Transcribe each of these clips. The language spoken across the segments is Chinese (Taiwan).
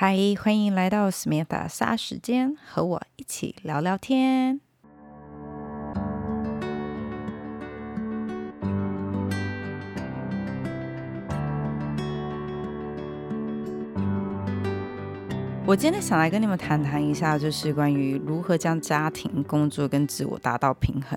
嗨，歡迎來到 Smitha 沙時間，和我一起聊聊天。我今天想來跟你們談談一下，就是關於如何將家庭、工作跟自我達到平衡。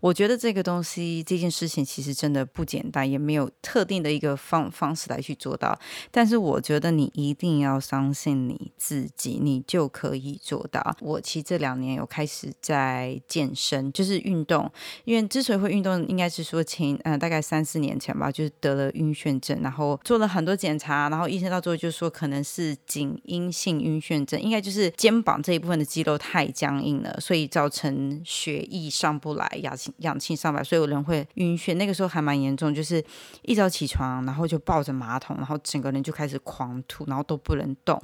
我覺得這個東西，這件事情其實真的不簡單，也沒有特定的一個方方式來去做到。但是我覺得你一定要相信你自己，你就可以做到。我其實這兩年有開始在健身，就是運動。因為之所以會運動，應該是說前嗯、呃，大概三四年前吧，就是得了暈眩症，然後做了很多檢查，然後醫生到最後就說可能是頸因性。暈眩症應該就是肩膀這一部分的肌肉太僵硬了，所以造成血液上不來，氧氣氧氣上不來，所以有人會暈眩。那個時候還蠻嚴重，就是一早起床，然後就抱着馬桶，然後整個人就開始狂吐，然後都不能動。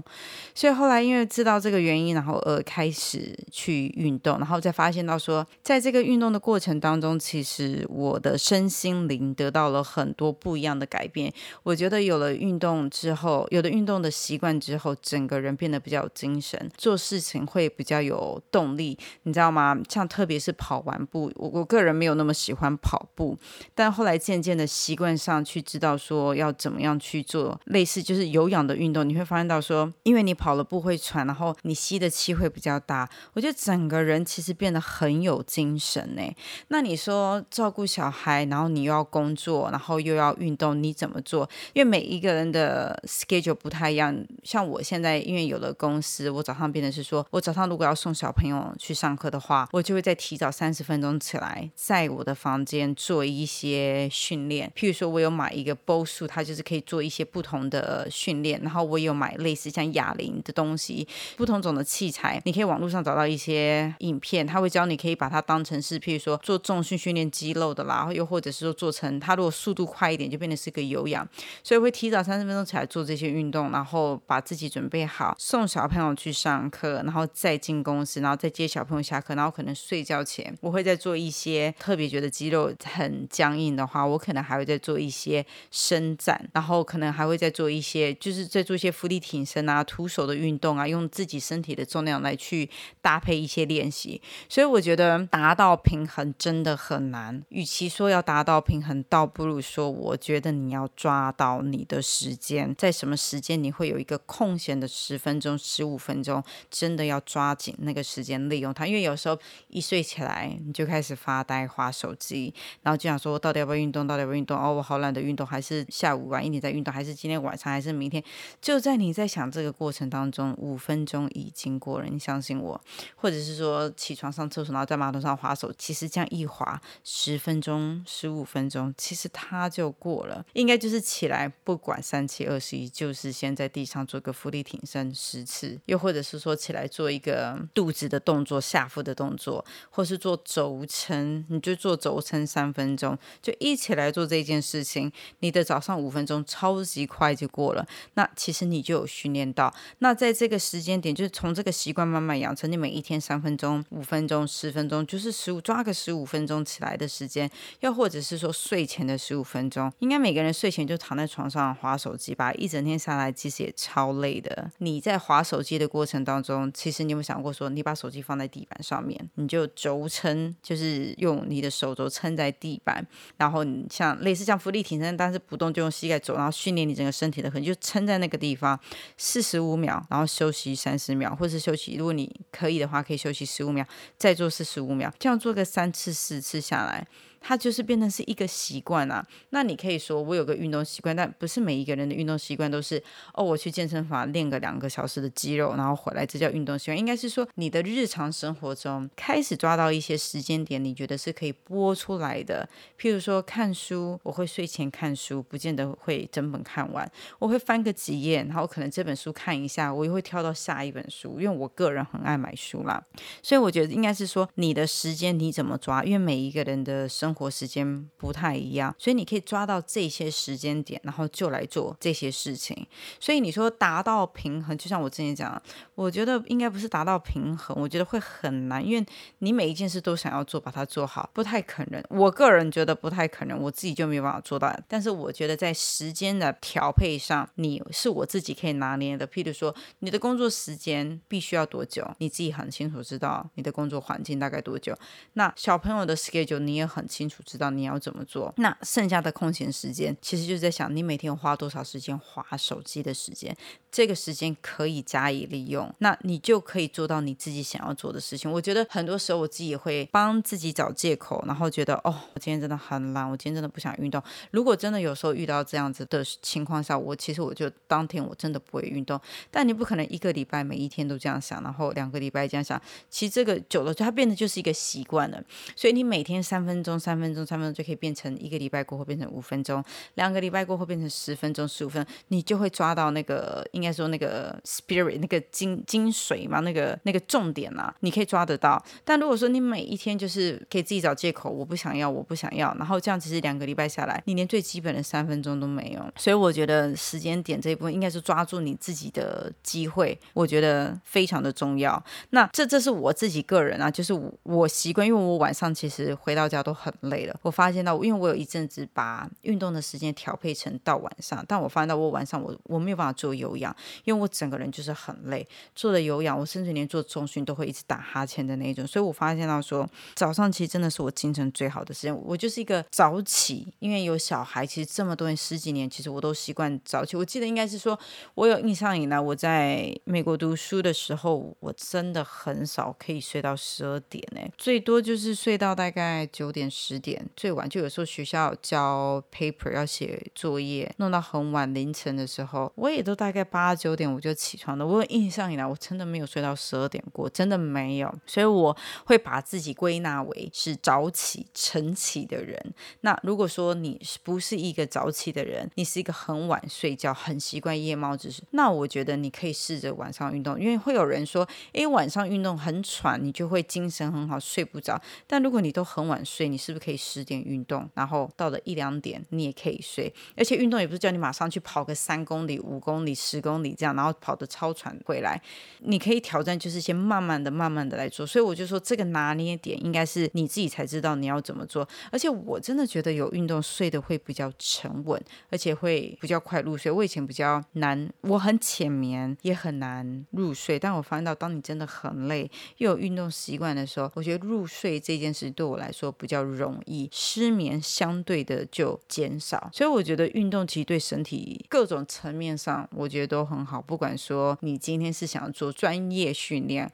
所以後來因為知道這個原因，然後呃開始去運動，然後再發現到說，在這個運動的過程當中，其實我的身心靈得到了很多不一樣的改變。我覺得有了運動之後，有的運動的習慣之後，整個人變。比較有精神，做事情會比較有動力，你知道嗎？像特別是跑完步，我我個人沒有那麼喜歡跑步，但後來漸漸的習慣上去知道說要怎麼樣去做，類似就是有氧的運動，你會發現到說，因為你跑了步會喘，然後你吸的氣會比較大，我覺得整個人其實變得很有精神呢。那你說照顧小孩，然後你又要工作，然後又要運動，你怎麼做？因為每一個人的 schedule 不太一樣，像我現在因為有。的公司，我早上變成是說，我早上如果要送小朋友去上課的話，我就會再提早三十分鐘起來，在我的房間做一些訓練。譬如說，我有買一個 BOSU，它就是可以做一些不同的訓練。然後我有買類似像啞鈴的東西，不同種的器材，你可以網絡上找到一些影片，它會教你可以把它當成是，譬如說做重訓訓練肌肉的啦，又或者是說做成它如果速度快一點，就變成是一個有氧。所以會提早三十分鐘起來做這些運動，然後把自己準備好。送小朋友去上課，然後再進公司，然後再接小朋友下課，然後可能睡覺前，我會再做一些特別覺得肌肉很僵硬的話，我可能還會再做一些伸展，然後可能還會再做一些，就是在做一些伏地挺身啊，徒手的運動啊，用自己身體的重量來去搭配一些練習。所以我覺得達到平衡真的很難，與其說要達到平衡，倒不如說我覺得你要抓到你的時間，在什麼時間你會有一個空閒的時分。這十五分鐘真的要抓緊那個時間利用它，因為有時候一睡起來你就開始發呆滑手機，然後就想說到底要不要運動，到底要不要運動？哦，我好懶得運動，還是下午晚，啊、一點再運動，還是今天晚上，還是明天？就在你在想這個過程當中，五分鐘已經過了，你相信我。或者是說起床上廁所，然後在馬桶上滑手，其實這樣一滑，十分鐘、十五分鐘，其實它就過了。應該就是起來，不管三七二十一，就是先在地上做個伏地挺身。十次，又或者是說起來做一個肚子的動作、下腹的動作，或是做肘撐。你就做肘撐三分鐘，就一起來做這件事情。你的早上五分鐘超級快就過了，那其實你就有訓練到。那在這個時間點，就從這個習慣慢慢養成，你每一天三分鐘、五分鐘、十分鐘，就是十五抓個十五分鐘起來的時間，又或者是說睡前的十五分鐘，應該每個人睡前就躺在床上滑手機吧，一整天下來其實也超累的。你在在滑手機的過程當中，其實你有沒有想過說，你把手機放在地板上面，你就軸撐，就是用你的手肘撐在地板，然後你像類似像伏地挺身，但是不動，就用膝蓋走，然後訓練你整個身體的，你就撐在那個地方四十五秒，然後休息三十秒，或是休息，如果你可以的話，可以休息十五秒，再做四十五秒，這樣做個三次四次下來。它就是變成是一個習慣啊，那你可以說我有個運動習慣，但不是每一個人的運動習慣都是哦，我去健身房練個兩個小時的肌肉，然後回來這叫運動習慣。應該是說你的日常生活中開始抓到一些時間點，你覺得是可以撥出來的。譬如說看書，我會睡前看書，不見得會整本看完，我會翻個幾頁，然後可能這本書看一下，我又會跳到下一本書，因為我個人很愛買書啦，所以我覺得應該是說你的時間你怎麼抓，因為每一個人的生活生活時間不太一樣，所以你可以抓到這些時間點，然後就來做這些事情。所以你說達到平衡，就像我之前講的，我覺得應該不是達到平衡，我覺得會很難，因為你每一件事都想要做，把它做好不太可能。我個人覺得不太可能，我自己就沒辦法做到。但是我覺得在時間的調配上，你是我自己可以拿捏的。譬如說，你的工作時間必須要多久，你自己很清楚知道。你的工作環境大概多久？那小朋友的 schedule 你也很清楚。清楚知道你要怎麼做，那剩下的空閒時間其實就是在想你每天花多少時間滑手機的時間，這個時間可以加以利用，那你就可以做到你自己想要做的事情。我覺得很多時候我自己也會幫自己找借口，然後覺得哦，我今天真的很懶，我今天真的不想運動。如果真的有時候遇到這樣子的情況下，我其實我就當天我真的不會運動。但你不可能一個禮拜每一天都這樣想，然後兩個禮拜這樣想，其實這個久了就它變得就是一個習慣了，所以你每天三分鐘三。三分鐘，三分鐘就可以變成一個禮拜過後變成五分鐘，兩個禮拜過後變成十分鐘、十五分鐘，你就會抓到那個，應該說那個 spirit，那個精精髓嘛，那個那個重點啊，你可以抓得到。但如果說你每一天就是可以自己找借口，我不想要，我不想要，然後這樣其實兩個禮拜下來，你連最基本的三分鐘都沒有。所以我覺得時間點這一部分應該是抓住你自己的機會，我覺得非常的重要。那這這是我自己個人啊，就是我我習慣，因為我晚上其實回到家都很。累了，我發現到，因為我有一陣子把運動的時間調配成到晚上，但我發現到我晚上我我沒有辦法做有氧，因為我整個人就是很累，做了有氧，我甚至連做重訓都會一直打哈欠的那一種，所以我發現到說早上其實真的是我精神最好的時間，我就是一個早起，因為有小孩，其實這麼多年十幾年，其實我都習慣早起，我記得應該是說我有印象以來，我在美國讀書的時候，我真的很少可以睡到十二點呢，最多就是睡到大概九點十。十點最晚，就有時候學校交 paper 要寫作業，弄到很晚凌晨的時候，我也都大概八九點我就起床了。我有印象以來我真的沒有睡到十二點過，真的沒有。所以我會把自己歸納為是早起晨起的人。那如果說你不是一個早起的人，你是一個很晚睡覺，很習慣夜貓子，那我覺得你可以試着晚上運動，因為會有人說，哎，晚上運動很喘，你就會精神很好，睡不着。但如果你都很晚睡，你是。是不是可以十點運動，然後到了一兩點，你也可以睡，而且運動也不是叫你馬上去跑個三公里、五公里、十公里這樣，然後跑得超喘回來。你可以挑戰，就是先慢慢的、慢慢的來做。所以我就說這個拿捏點應該是你自己才知道你要怎麼做。而且我真的覺得有運動睡得會比較沉穩，而且會比較快入睡。我以前比較難，我很淺眠，也很難入睡。但我發現到當你真的很累又有運動習慣的時候，我覺得入睡這件事對我來說比較容易。容易失眠，相對的就減少。所以我覺得運動其實對身體各種層面上，我覺得都很好。不管說你今天是想要做專業訓練。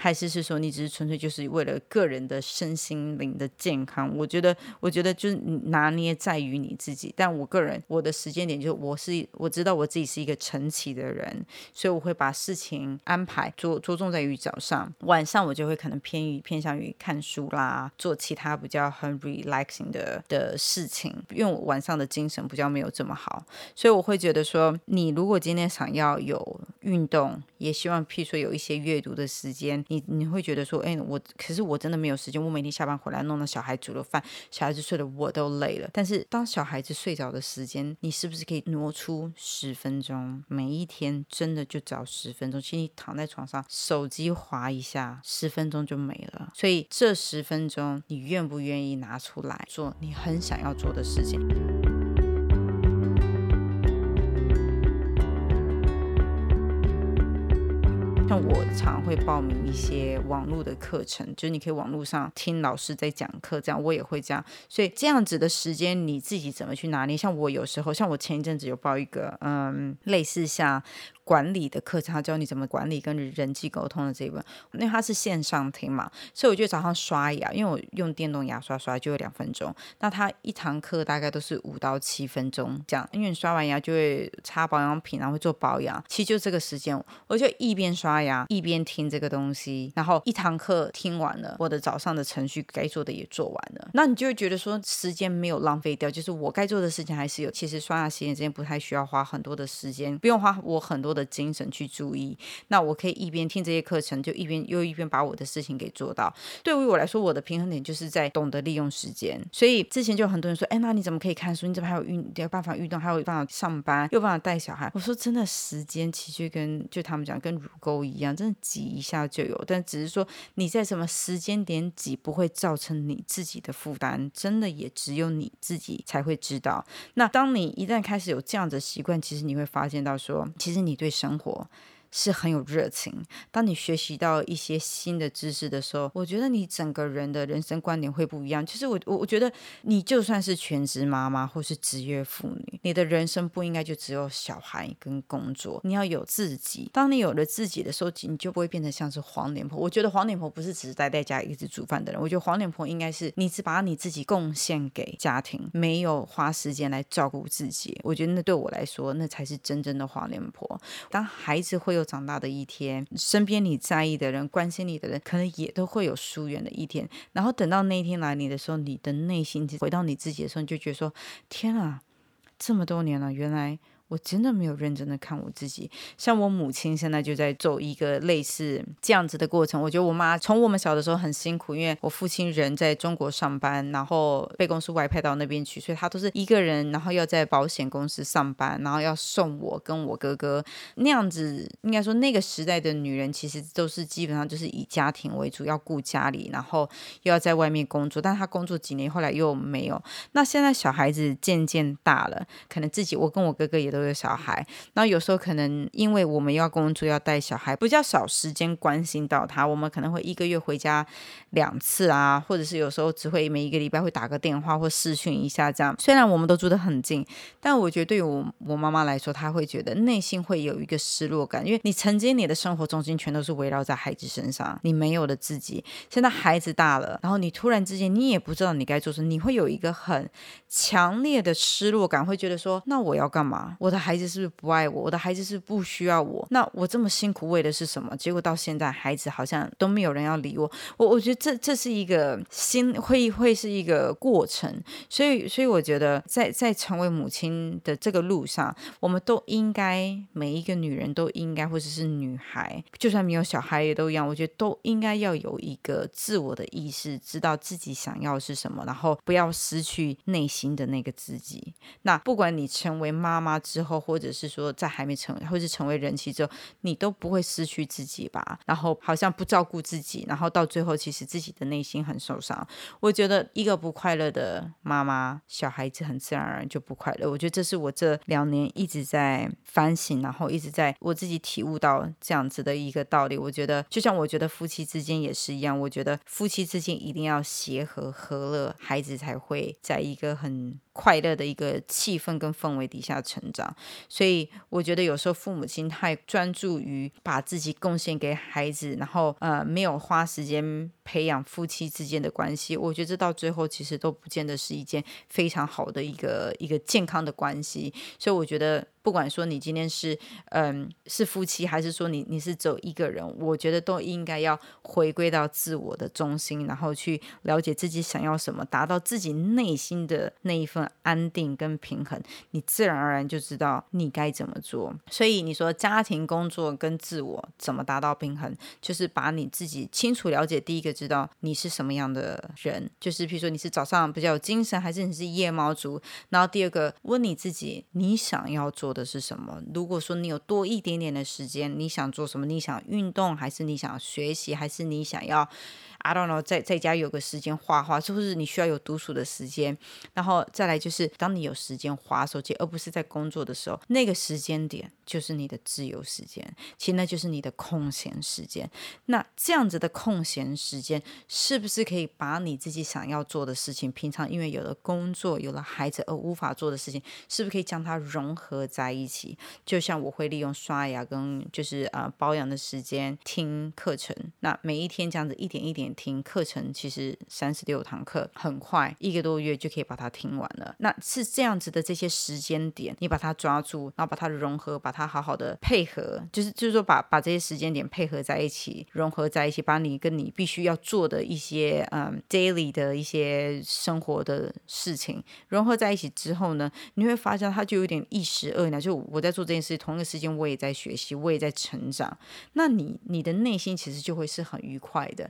還是是說你只是純粹就是為了個人的身心靈的健康？我覺得，我覺得就是拿捏在於你自己。但我個人我的時間點就我是我知道我自己是一個晨起的人，所以我會把事情安排着着重在於早上，晚上我就會可能偏於偏向於看書啦，做其他比較很 relaxing 的的事情，因為我晚上的精神比較沒有這麼好，所以我會覺得說，你如果今天想要有運動，也希望譬如說有一些閱讀的時間。你你會覺得說，哎，我可是我真的沒有時間，我每天下班回來弄到小孩煮了飯，小孩子睡了，我都累了。但是當小孩子睡着的時間，你是不是可以挪出十分鐘？每一天真的就找十分鐘，其實你躺在床上，手機滑一下，十分鐘就沒了。所以這十分鐘，你願不願意拿出來做你很想要做的事情？像我常會報名一些網絡的課程，就是你可以網絡上聽老師在講課，這樣我也會這樣，所以這樣子的時間你自己怎麼去拿捏，像我有時候，像我前一陣子有報一個，嗯，類似像。管理的課程，他教你怎麼管理跟人際溝通的這一本，因為他是線上聽嘛，所以我就早上刷牙，因為我用電動牙刷刷就有兩分鐘，那他一堂課大概都是五到七分鐘這樣，因為你刷完牙就會擦保養品，然後會做保養，其實就這個時間，我就一邊刷牙一邊聽這個東西，然後一堂課聽完了，我的早上的程序該做的也做完了，那你就會覺得說時間沒有浪費掉，就是我該做的事情還是有，其實刷牙洗臉之間不太需要花很多的時間，不用花我很多的，的精神去注意，那我可以一邊聽這些課程，就一邊又一邊把我的事情給做到。對於我來說，我的平衡點就是在懂得利用時間。所以之前就很多人說：“哎，那你怎麼可以看書？你怎麼還有運？有辦法運動？還有辦法上班？又辦法帶小孩？”我說：“真的，時間其實就跟就他們講跟乳溝一樣，真的擠一下就有。但只是說你在什麼時間點擠，不會造成你自己的負擔。真的也只有你自己才會知道。那當你一旦開始有這樣的習慣，其實你會發現到說，其實你對。生活，是很有熱情。當你學習到一些新的知識的時候，我覺得你整個人的人生觀點會不一樣。其實我我我覺得你就算是全職媽媽或是職業婦女，你的人生不應該就只有小孩跟工作。你要有自己。當你有了自己的時候，你就不會變成像是黃臉婆。我覺得黃臉婆不是只是待在家一直煮飯的人。我覺得黃臉婆應該是你只把你自己貢獻給家庭，沒有花時間來照顧自己。我覺得那對我來說，那才是真正的黃臉婆。當孩子會。又長大的一天，身邊你在意的人、關心你的人，可能也都會有疏遠的一天。然後等到那一天來臨的時候，你的內心回到你自己的時候，你就覺得說：天啊，這麼多年了，原來。我真的沒有認真的看我自己，像我母親現在就在做一個類似這樣子的過程。我覺得我媽從我們小的時候很辛苦，因為我父親人在中國上班，然後被公司外派到那邊去，所以她都是一個人，然後要在保險公司上班，然後要送我跟我哥哥那樣子。應該說那個時代的女人其實都是基本上就是以家庭為主，要顧家裡，然後又要在外面工作。但她工作幾年後來又沒有。那現在小孩子漸漸大了，可能自己我跟我哥哥也都。有小孩，嗯、那有時候可能因為我們要工作要帶小孩，比較少時間關心到他。我們可能會一個月回家兩次啊，或者是有時候只會每一個禮拜會打個電話或視訊一下這樣。雖然我們都住得很近，但我覺得對於我我媽媽來說，她會覺得內心會有一個失落感，因為你曾經，你的生活中心全都是圍繞在孩子身上，你沒有了自己。現在孩子大了，然後你突然之間你也不知道你該做什麼，你會有一個很強烈的失落感，會覺得說那我要幹嘛？我我的孩子是不是不愛我？我的孩子是不是不需要我？那我這麼辛苦為的是什麼？結果到現在，孩子好像都沒有人要理我。我我覺得這這是一個心會會是一個過程，所以所以我覺得在在成為母親的這個路上，我們都應該每一個女人都應該或者是女孩，就算沒有小孩也都一樣，我覺得都應該要有一個自我的意識，知道自己想要的是什麼，然後不要失去內心的那個自己。那不管你成為媽媽之，之後，或者是說在還沒成為，或者是成為人妻之後，你都不會失去自己吧？然後好像不照顧自己，然後到最後，其實自己的內心很受傷。我覺得一個不快樂的媽媽，小孩子很自然而然就不快樂。我覺得這是我這兩年一直在反省，然後一直在我自己體悟到這樣子的一個道理。我覺得，就像我覺得夫妻之間也是一樣，我覺得夫妻之間一定要協和，和樂，孩子才會在一個很。快樂的一個氣氛跟氛圍底下成長，所以我覺得有時候父母親太專注於把自己貢獻給孩子，然後呃，沒有花時間。培養夫妻之間的關係，我覺得這到最後其實都不見得是一件非常好的一個一個健康的關係。所以我覺得，不管說你今天是嗯是夫妻，還是說你你是只有一個人，我覺得都應該要回歸到自我的中心，然後去了解自己想要什麼，達到自己內心的那一份安定跟平衡，你自然而然就知道你該怎麼做。所以你說家庭工作、跟自我怎麼達到平衡，就是把你自己清楚了解第一個。知道你是什麼樣的人，就是譬如說你是早上比較有精神，還是你是夜貓族？然後第二個問你自己，你想要做的是什麼？如果說你有多一點點的時間，你想做什麼？你想運動，還是你想學習，還是你想要？啊，當然，在在家有個時間畫畫，是不是你需要有讀書的時間？然後再來就是，當你有時間滑手機，而不是在工作的時候，那個時間點就是你的自由時間。其實那就是你的空閒時間。那這樣子的空閒時間，是不是可以把你自己想要做的事情，平常因為有了工作、有了孩子而無法做的事情，是不是可以將它融合在一起？就像我會利用刷牙跟就是啊、呃、保養的時間聽課程。那每一天這樣子一點一點。聽課程其實三十六堂課，很快一個多月就可以把它聽完了。那是這樣子的，這些時間點你把它抓住，然後把它融合，把它好好的配合，就是就是說把把這些時間點配合在一起，融合在一起，把你跟你必須要做的一些嗯 daily 的一些生活的事情融合在一起之後呢，你會發現它就有點一石二鳥。就我在做這件事，同一個時間我也在學習，我也在成長。那你你的內心其實就會是很愉快的，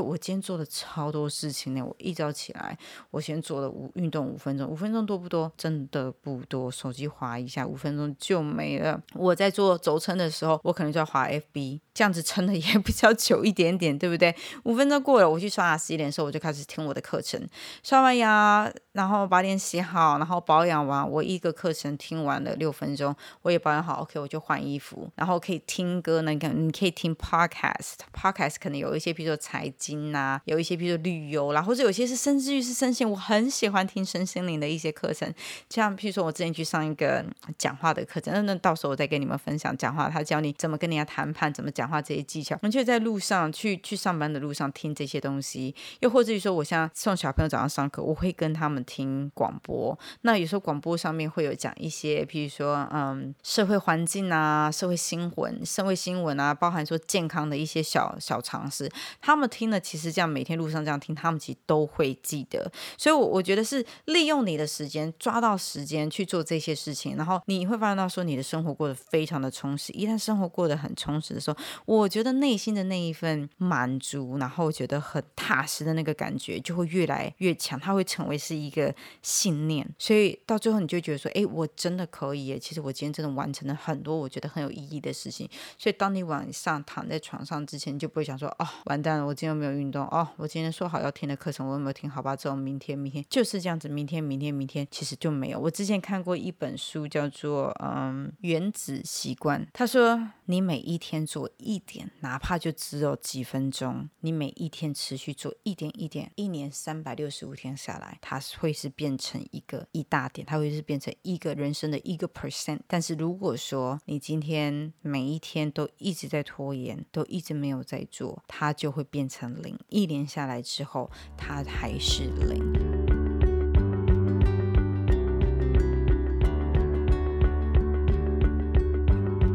我今天做了超多事情呢，我一早起來，我先做了五，運動五分鐘，五分鐘多不多？真的不多，手機滑一下，五分鐘就沒了。我在做軸撐的時候，我可能就要滑 FB，這樣子撐得也比較久一點點，對不對？五分鐘過了，我去刷牙洗臉的時候，我就開始聽我的課程。刷完牙，然後把臉洗好，然後保養完，我一個課程聽完了六分鐘，我也保養好，OK，我就換衣服，然後可以聽歌呢，那你看，你可以聽 Podcast，Podcast 可能有一些，比如說財經。啊，有一些，譬如旅遊啦，或者有些是，甚至於是身心，我很喜歡聽身心靈的一些課程。像譬如說我之前去上一個講話的課程，那到時候我再跟你們分享講話，他教你怎麼跟人家談判，怎麼講話這些技巧。我們就在路上去去上班的路上聽這些東西，又或者說，我像送小朋友早上上課，我會跟他們聽廣播。那有時候廣播上面會有講一些，譬如說，嗯，社會環境啊，社會新聞，社會新聞啊，包含說健康的一些小小常識，他們聽了。其實這樣每天路上這樣聽，他們其實都會記得。所以我，我我覺得是利用你的時間，抓到時間去做這些事情，然後你會發現到說，你的生活過得非常的充實。一旦生活過得很充實的時候，我覺得內心的那一份滿足，然後覺得很踏實的那個感覺，就會越來越強。它會成為是一個信念。所以到最後，你就覺得說，哎，我真的可以耶。其實我今天真的完成了很多我覺得很有意義的事情。所以，當你晚上躺在床上之前，你就不會想說，哦，完蛋了，我今天沒有。運動哦，我今天說好要聽的課程，我有沒有聽？好吧，這種明天，明天就是這樣子，明天，明天，明天，其實就沒有。我之前看過一本書，叫做嗯，《原子習慣》，他說你每一天做一點，哪怕就只有幾分鐘，你每一天持續做一點一點，一年三百六十五天下來，它是會是變成一個一大點，它會是變成一個人生的一個 percent。但是如果說你今天每一天都一直在拖延，都一直沒有在做，它就會變成。零，一年下來之後，它還是零。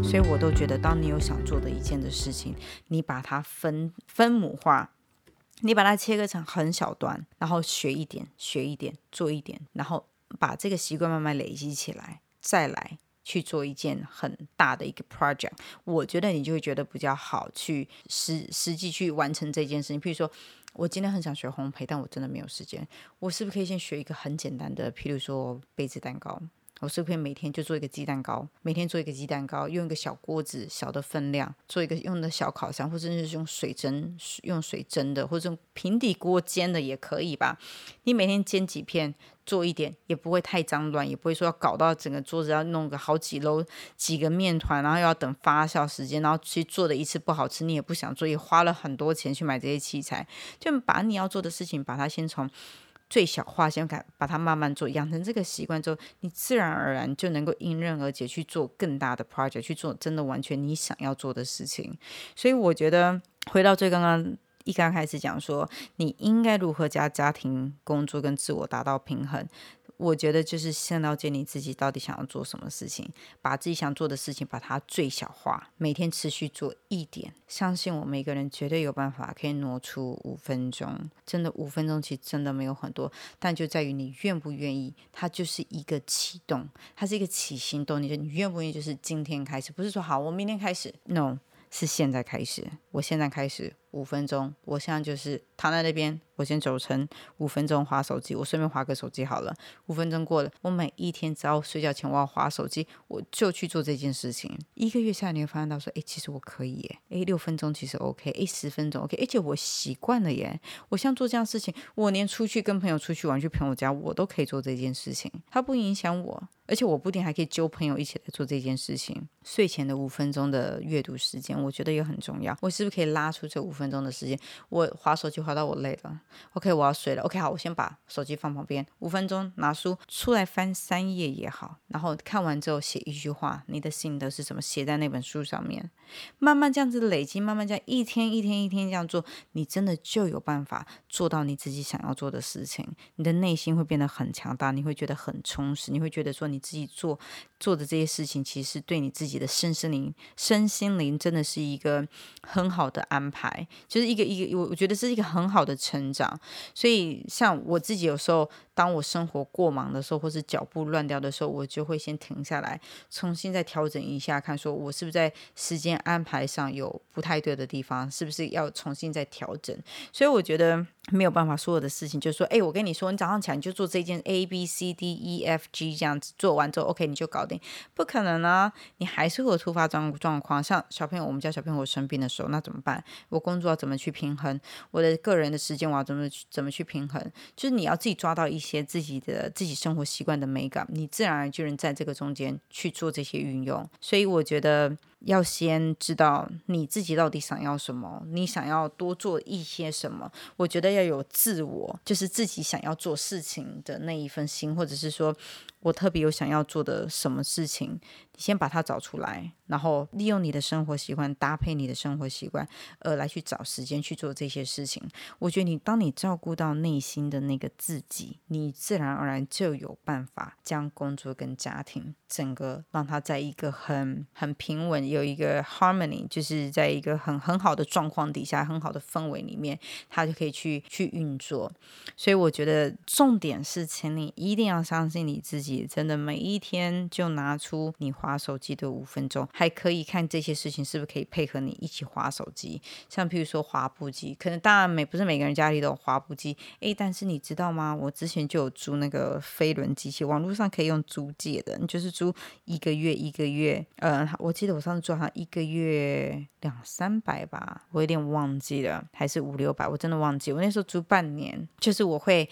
所以，我都覺得，當你有想做的一件的事情，你把它分分母化，你把它切割成很小段，然後學一點，學一點，做一點，然後把這個習慣慢慢累積起來，再來。去做一件很大的一個 project，我覺得你就會覺得比較好去實實際去完成這件事情。譬如說，我今天很想學烘焙，但我真的沒有時間。我是不是可以先學一個很簡單的？譬如說杯子蛋糕，我是不是可以每天就做一個雞蛋糕？每天做一個雞蛋糕，用一個小鍋子、小的分量做一個用的小烤箱，或者是用水蒸、用水蒸的，或者平底鍋煎的也可以吧？你每天煎幾片？做一點也不會太髒亂，也不會說要搞到整個桌子要弄個好幾樓幾個麵團，然後又要等發酵時間，然後去做的一次不好吃，你也不想做，也花了很多錢去買這些器材，就把你要做的事情，把它先從最小化先改，把它慢慢做，養成這個習慣之後，你自然而然就能夠迎刃而解去做更大的 project，去做真的完全你想要做的事情。所以我覺得回到最剛剛。一剛開始講說，你應該如何將家庭、工作跟自我達到平衡？我覺得就是先了解你自己到底想要做什麼事情，把自己想做的事情把它最小化，每天持續做一點。相信我，每個人絕對有辦法可以挪出五分鐘。真的五分鐘其實真的沒有很多，但就在於你願不願意。它就是一個啟動，它是一個起心動念。你就你願不願意，就是今天開始，不是說好我明天開始，no，是現在開始。我現在開始五分鐘，我現在就是躺在那邊，我先走成五分鐘滑手機，我順便滑個手機好了。五分鐘過了，我每一天只要睡覺前我要滑手機，我就去做這件事情。一個月下來你會發現到說，哎，其實我可以耶，哎，六分鐘其實 OK，哎，十分鐘 OK，而且我習慣了耶。我像做這樣事情，我連出去跟朋友出去玩去朋友家，我都可以做這件事情，它不影響我，而且我不定還可以揪朋友一起來做這件事情。睡前的五分鐘的閱讀時間，我覺得也很重要，我是。就可以拉出這五分鐘的時間，我滑手機滑到我累了。OK，我要睡了。OK，好，我先把手機放旁邊。五分鐘，拿書出來翻三頁也好，然後看完之後寫一句話，你的心得是怎麼寫在那本書上面。慢慢這樣子累積，慢慢這樣一天一天一天這樣做，你真的就有辦法做到你自己想要做的事情。你的內心會變得很強大，你會覺得很充實，你會覺得說你自己做做的這些事情，其實對你自己的身心靈、身心靈真的是一個很。好，好的安排，就是一個一個，我我覺得是一個很好的成長。所以像我自己有時候。當我生活過忙的時候，或是腳步亂掉的時候，我就會先停下來，重新再調整一下，看說我是不是在時間安排上有不太對的地方，是不是要重新再調整。所以我覺得沒有辦法，所有的事情就是說，哎、欸，我跟你說，你早上起來你就做這件 A B C D E F G 這樣子，做完之後，OK，你就搞定，不可能啊，你還是會有突發狀狀況。像小朋友，我們家小朋友我生病的時候，那怎麼辦？我工作要怎麼去平衡？我的個人的時間我要怎麼去怎麼去平衡？就是你要自己抓到一。一些自己的自己生活習慣的美感，你自然而然就能在這個中間去做這些運用，所以我覺得。要先知道你自己到底想要什麼，你想要多做一些什麼。我覺得要有自我，就是自己想要做事情的那一份心，或者是說我特別有想要做的什麼事情，你先把它找出來，然後利用你的生活習慣搭配你的生活習慣，呃，來去找時間去做這些事情。我覺得你當你照顧到內心的那個自己，你自然而然就有辦法將工作跟家庭。整個讓他在一個很很平穩，有一個 harmony，就是在一個很很好的狀況底下，很好的氛圍裡面，他就可以去去運作。所以我覺得重點是，請你一定要相信你自己，真的每一天就拿出你滑手機的五分鐘，還可以看這些事情是不是可以配合你一起滑手機。像譬如說滑步機，可能當然每不是每個人家裡都有滑步機，誒，但是你知道嗎？我之前就有租那個飛輪機器，網絡上可以用租借的，你就是租。租一個月一個月，嗯、呃，我記得我上次租好像一個月兩三百吧，我有點忘記了，還是五六百，我真的忘記。我那時候租半年，就是我會。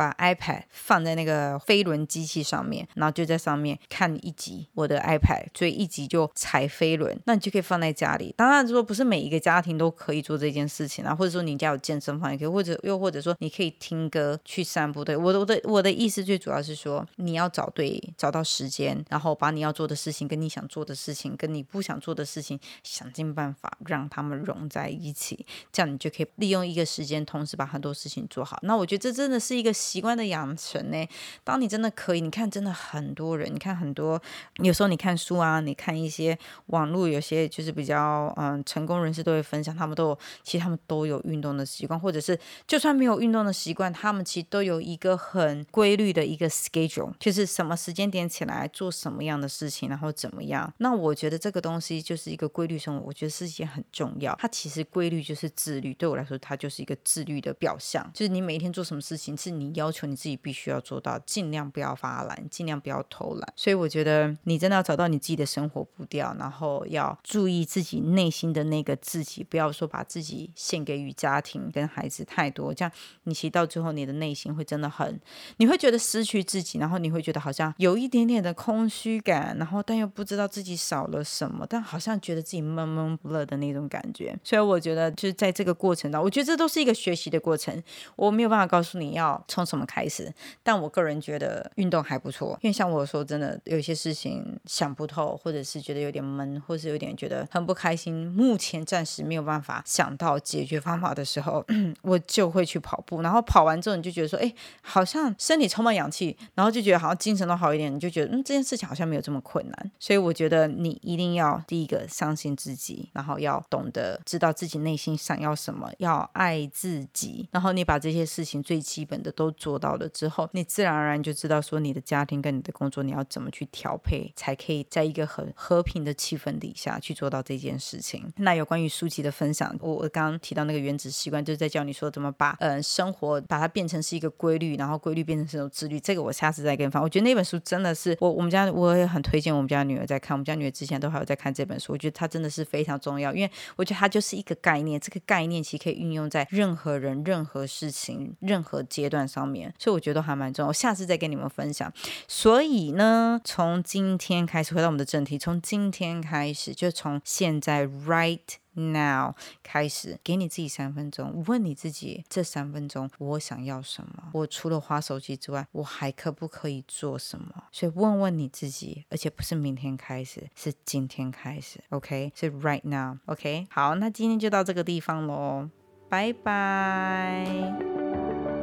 把 iPad 放在那個飛輪機器上面，然後就在上面看一集我的 iPad，所以一集就踩飛輪，那你就可以放在家裡。當然如果不是每一個家庭都可以做這件事情啊，或者說你家有健身房也可以，或者又或者說你可以聽歌去散步。對，我的我的我的意思最主要是說，你要找對找到時間，然後把你要做的事情、跟你想做的事情、跟你不想做的事情，想盡辦法讓他們融在一起，這樣你就可以利用一個時間，同時把很多事情做好。那我覺得這真的是一個。習慣的養成呢？當你真的可以，你看，真的很多人，你看很多，有時候你看書啊，你看一些網絡，有些就是比較嗯成功人士都會分享，他們都有，其實他們都有運動的習慣，或者是就算沒有運動的習慣，他們其實都有一個很規律的一個 schedule，就是什麼時間點起來做什麼樣的事情，然後怎麼樣。那我覺得這個東西就是一個規律生活，我覺得是一件很重要。它其實規律就是自律，對我來說，它就是一個自律的表象，就是你每一天做什麼事情是你要做什麼事情。要求你自己必須要做到，盡量不要發懶，盡量不要偷懶。所以我覺得你真的要找到你自己的生活步調，然後要注意自己內心的那個自己，不要說把自己獻給與家庭跟孩子太多，這樣你其實到最後你的內心會真的很，你會覺得失去自己，然後你會覺得好像有一點點的空虛感，然後但又不知道自己少了什麼，但好像覺得自己悶悶不樂的那種感覺。所以我覺得就是在這個過程當中，我覺得這都是一個學習的過程，我沒有辦法告訴你要從。從什麼開始？但我個人覺得運動還不錯，因為像我說真的，有些事情想不透，或者是覺得有點悶，或是有點覺得很不開心。目前暫時沒有辦法想到解決方法的時候，我就會去跑步。然後跑完之後，你就覺得說：“哎，好像身體充滿氧氣，然後就覺得好像精神都好一點。”你就覺得嗯，這件事情好像沒有這麼困難。所以我覺得你一定要第一個相信自己，然後要懂得知道自己內心想要什麼，要愛自己，然後你把這些事情最基本的都。做到了之後，你自然而然就知道說你的家庭跟你的工作，你要怎麼去調配，才可以在一個很和平的氣氛底下去做到這件事情。那有關於書籍的分享，我我剛剛提到那個原子習慣，就是在教你說怎麼把呃生活把它變成是一個規律，然後規律變成是一種自律。這個我下次再跟你們分享。我覺得那本書真的是我我們家我也很推薦我們家女兒在看。我們家女兒之前都還有在看這本書，我覺得它真的是非常重要，因為我覺得它就是一個概念，這個概念其實可以運用在任何人、任何事情、任何階段上。方面，所以我覺得都還蠻重要。我下次再跟你們分享。所以呢，從今天開始回到我們的正題，從今天開始就從現在 right now 開始，給你自己三分鐘，問你自己：這三分鐘我想要什麼？我除了花手機之外，我還可不可以做什麼？所以問問你自己，而且不是明天開始，是今天開始，OK？是 so right now，OK？Okay? 好，那今天就到這個地方嘍，拜拜。